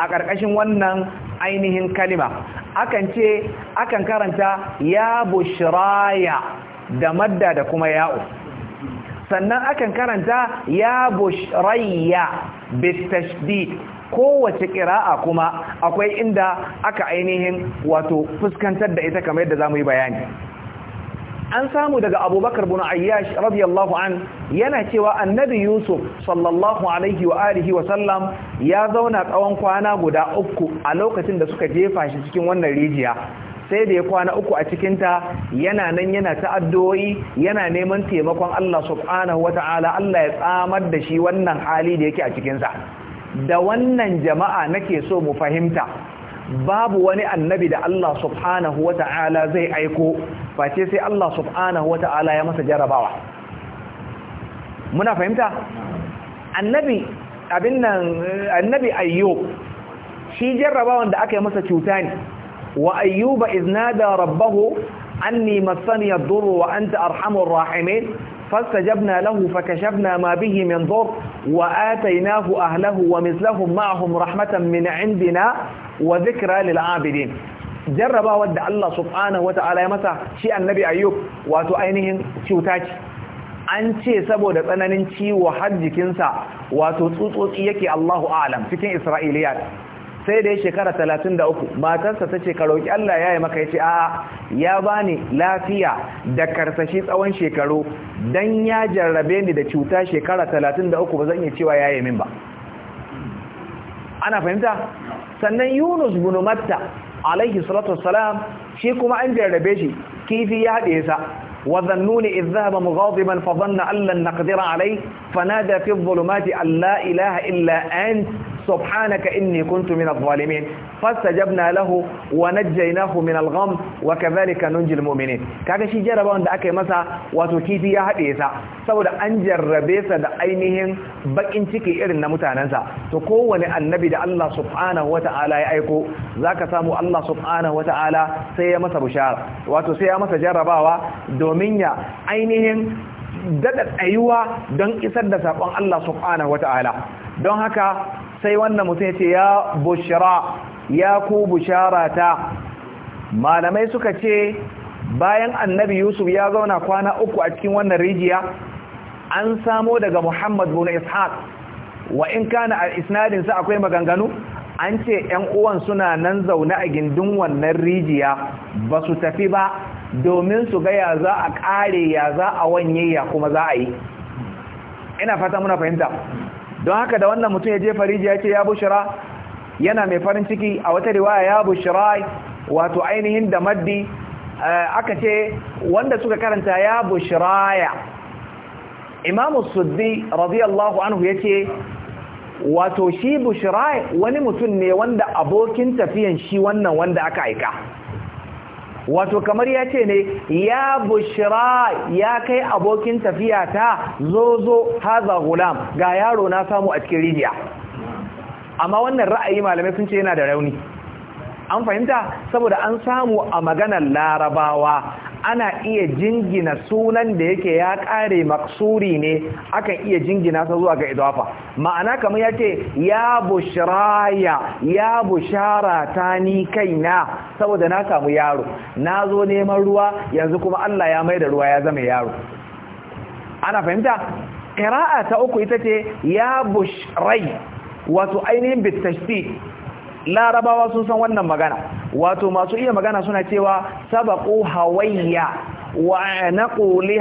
a ƙarƙashin wannan ainihin kalima akan ce akan karanta ya bushraya da madda da kuma ya'u sannan akan karanta ya bushrayya bitashdid kowace ƙira'a kuma akwai inda aka ainihin wato fuskantar da ita kamar yadda mu yi bayani an samu daga abubakar bin ayyash radiyallahu an yana cewa annabi yusuf sallallahu alaihi wa alihi wa sallam ya zauna tsawon kwana guda uku a lokacin da suka jefa shi cikin wannan rijiya sai da ya kwana uku a cikinta yana nan yana ta'addo'i yana neman taimakon Allah subhanahu ta'ala Allah ya tsamar da shi wannan hali da yake a cikinsa da wannan jama'a nake so mu fahimta babu wani annabi da Allah subhanahu ta'ala zai aiko face sai Allah subhanahu ta'ala ya masa jarabawa muna fahimta annabi abin nan annabi ayyub shi jarrabawan da aka yi masa cuta ne wa ayyuba iznada rabbahu anni masani ad-dur wa anta arhamur rahimin فاستجبنا له فكشفنا ما به ahlahu wa وآتيناه أهله rahmatan min رحمة wa عندنا وذكرى abidin jarraba wadda Allah subhanahu wata'ala ya masa shi annabi ayyub wato ainihin cuta an ce saboda tsananin ciwo har jikinsa wato tsutsotsi yake Allahu a'lam cikin Isra'iliyat sai da ya shekara talatin da uku matarsa ta ce ka Allah ya yi maka ya ce ya bani lafiya da karsashi tsawon shekaru dan ya jarrabe ni da cuta shekara talatin da uku ba zan iya cewa ya yi min ba ana fahimta sannan yunus bin matta alaihi salatu wassalam shi kuma an jarrabe shi kifi ya haɗe sa وظنون إذ ذهب مغاضبا فظن أن لن نقدر عليه فنادى في الظلمات أن لا إله إلا أنت subhanaka inni kuntu minadh fastajabna lahu wa najjaynahu min gham wa kadhalika nunjil mu'minin kaga shi jarabawan da aka yi masa wato kifi ya hade sa saboda an jarrabe sa da ainihin bakin ciki irin na sa to kowane annabi da Allah subhanahu wata'ala ya aiko zaka samu Allah subhanahu wata'ala sai ya masa bushara wato sai ya masa jarrabawa domin ya ainihin daɗa tsayuwa don isar da saƙon Allah subhanahu wa ta'ala don haka sai wannan mutum ya ce ya bushara ya ku busharata malamai suka ce bayan annabi yusuf ya zauna kwana uku a cikin wannan rijiya an samo daga muhammad bin ishaq wa in kana a sa akwai maganganu an ce ‘yan uwan suna nan zaune a gindin wannan rijiya ba su tafi ba domin su ga ya za a ƙare ya za a wanye ya kuma za a yi ina fata muna fahimta don haka da wannan mutum ya je farija ya ce ya bushira yana mai farin ciki a wata riwaya ya bushira wato ainihin da maddi eh, aka ce wanda suka karanta ya bushiraya imamu suddi radiyallahu anhu ya ce wato shi bushira wani mutum ne wanda abokin tafiyan shi wannan wanda aka aika wato kamar ya ce ne ya bushira ya kai abokin tafiya ta zo zo haza gulam ga yaro na samu a cikin rijiya amma wannan ra'ayi malamai sun ce yana da rauni an fahimta saboda an samu a maganar larabawa ana iya jingina sunan da yake ya kare maksuri ne akan iya jingina sa zuwa ga idafa ma'ana kamar yace ya bushraya ya bushara ta ni kaina saboda na samu yaro na zo neman ruwa yanzu kuma Allah ya mai da ruwa ya zama yaro ana fahimta qira'a ta uku ita ce ya bushrai wato ainihin bitashdid larabawa sun san wannan magana wato masu iya magana suna cewa sabaku hawayya wa anaqu li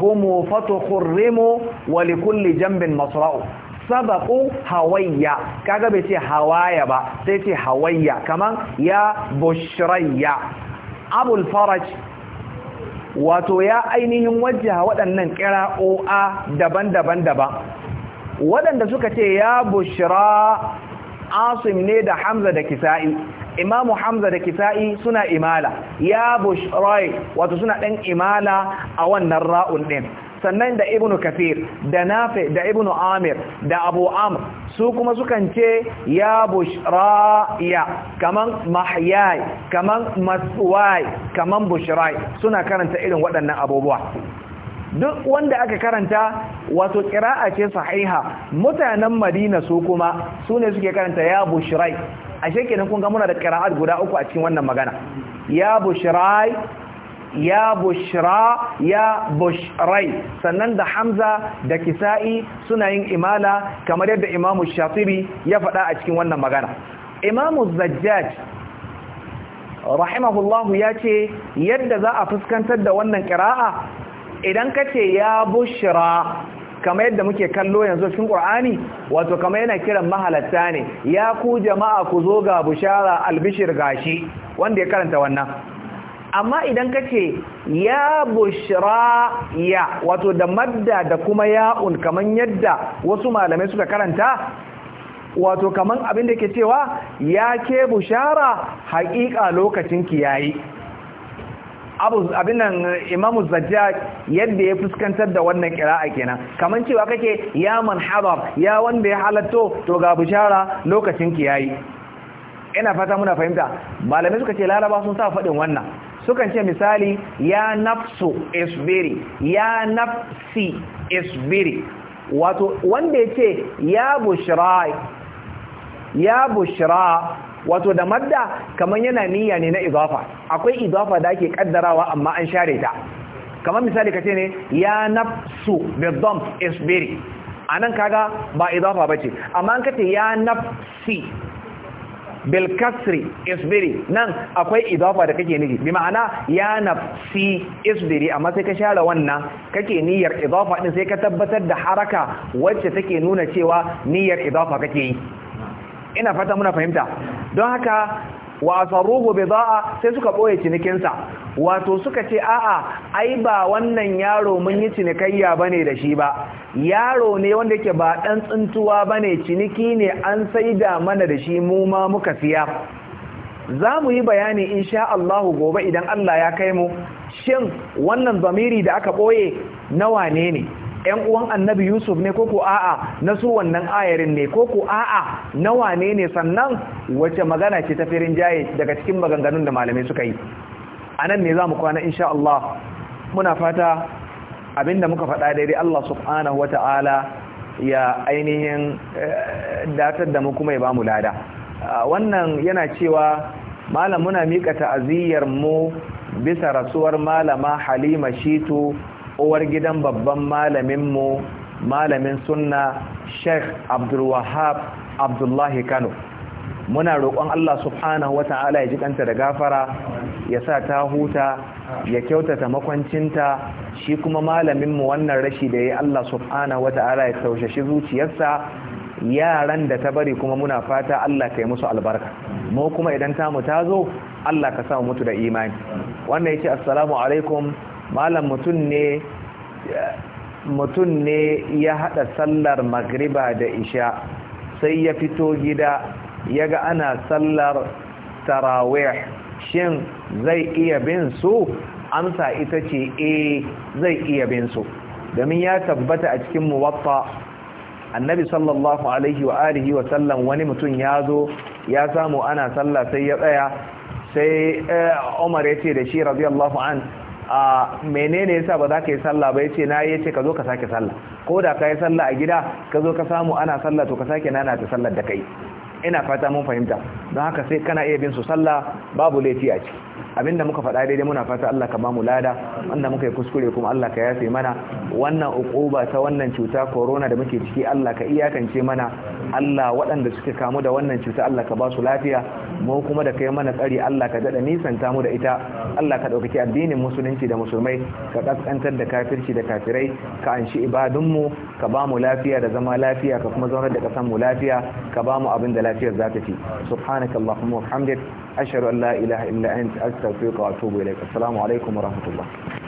humu fatukhrimu wa li kulli janbin masra'u sabaku hawayya kaga bai ce hawaya ba sai ce hawayya kaman ya bushrayya abul faraj wato ya ainihin wajja waɗannan qira'o'a daban-daban daban waɗanda suka ce ya bushra asim ne da hamza da kisa'i imamu hamza da kisa'i suna imala ya bushrai wato suna ɗan imala a wannan ra'un ɗin sannan da ibnu kafir da nafi da ibnu amir da abu amr su kuma sukan ce ya bushraya kaman mahyai kaman maswai kaman bushrai suna karanta irin waɗannan abubuwa duk wanda aka karanta wato kira'a ce sahiha mutanen madina su kuma su ne suke karanta ya bushrai a kenan kun ga muna da kira'ar guda uku a cikin wannan magana ya bushrai ya bushira ya bushrai sannan da hamza da kisa'i suna yin imala kamar yadda imamu shatibi ya faɗa a cikin wannan magana imamu zajjaj rahimahullahu ya ce yadda za a fuskantar da wannan kira'a idan ka ce ya bushira kama yadda muke kallo yanzu cikin ƙur'ani wato kama yana kiran mahalatta ne ya ku jama'a ku zo ga bushara albishir gashi wanda ya karanta wannan amma idan ka ce ya bushra ya wato da madda da kuma ya'un kaman yadda wasu malamai suka karanta wato kaman abin da ke cewa ya ke bushara haƙiƙa lokacin kiyayi yayi abin nan imamu zajjaj yadda ya fuskantar da wannan kira'a kenan Kamar cewa kake ya man hadar ya wanda ya halatto to ga bishara lokacin ki yayi ina fata muna fahimta malamai suka ce laraba sun sa faɗin wannan sukan ce misali ya nafsu isbiri ya nafsi isbiri wato wanda ya ce ya bushra ya bushra wato da madda kamar yana niyya ne na idafa akwai idafa da ake kaddarawa amma an share ta kamar misali kace ne ya nafsu bi dhamm isbiri anan kaga ba idafa bace amma an kace ya nafsi bil kasri isbiri nan akwai idafa da kake nufi bi ma'ana ya nafsi isbiri amma sai ka share wannan kake niyyar idafa din sai ka tabbatar da haraka wacce take nuna cewa niyyar idafa kake yi ina fata muna fahimta don haka wa asarruhu bidaa sai suka boye cinikinsa wato suka ce a'a ai ba wannan yaro mun yi cinikayya bane da shi ba yaro ne wanda yake ba dan tsintuwa bane ciniki ne an saida mana da shi mu ma muka siya za mu yi bayani insha Allahu gobe idan Allah ya kai mu shin wannan zamiri da aka boye nawa ne ne ‘yan uwan annabi Yusuf ne koko a'a na su wannan ayarin ne koko a'a na wane ne sannan wace magana ce ta firin jaye daga cikin maganganun da malamai suka yi a nan ne za mu kwana insha Allah muna fata abinda muka faɗa daidai Allah subhanahu ta'ala ya ainihin eh, datar da mu kuma ya bamu lada wannan yana cewa malam muna miƙa ta'aziyyar mu bisa rasuwar malama Halima Shitu uwar gidan babban malaminmu malamin sunna sheikh abdulwahab abdullahi kano muna roƙon Allah subhanahu wata'ala ya ji kanta da gafara ya sa ta huta ya kyautata makwancinta shi kuma malaminmu wannan rashi da ya Allah subhanahu wata'ala ya taushashi zuciyarsa yaran da ta bari kuma muna fata Allah ka yi musu albarka mu kuma idan tamu ta zo Allah ka sa mutu da imani wannan ya ce assalamu alaikum malam mutum ne mutum ne ya hada sallar magriba da isha sai ya fito gida yaga ana sallar tarawih shin zai iya bin su amsa ita ce eh zai iya bin su domin ya tabbata a cikin muwatta annabi sallallahu alaihi wa alihi wa sallam wani mutum ya zo ya samu ana sallah sai ya tsaya sai eh, Umar ya ce da shi radiyallahu an a menene yasa ba za ka yi sallah ba yace na yace ka zo ka sake sallah ko da ka yi sallah a gida ka zo ka samu ana sallah to ka sake nana ta sallar da kai ina fata mun fahimta don haka sai kana iya bin su sallah babu laifi a ciki abinda muka faɗa daidai muna fata Allah ka bamu lada wanda muka yi kuskure kuma Allah ka yafe mana wannan ukuba ta wannan cuta corona da muke ciki Allah ka iyakance mana Allah waɗanda suka kamu da wannan cuta Allah ka ba su lafiya mu kuma da kai mana tsari Allah ka dada nisanta mu da ita Allah ka ɗaukaki addinin musulunci da musulmai ka kaskantar da kafirci da kafirai ka anshi ibadunmu ka ba mu lafiya da zama lafiya ka kuma zaunar da kasan mu lafiya ka ba mu abin da lafiyar za ta ci subhanakallahumma wa bihamdik ashhadu an la ilaha illa anta tawfiq wa atubu ilaik assalamu alaikum wa rahmatullah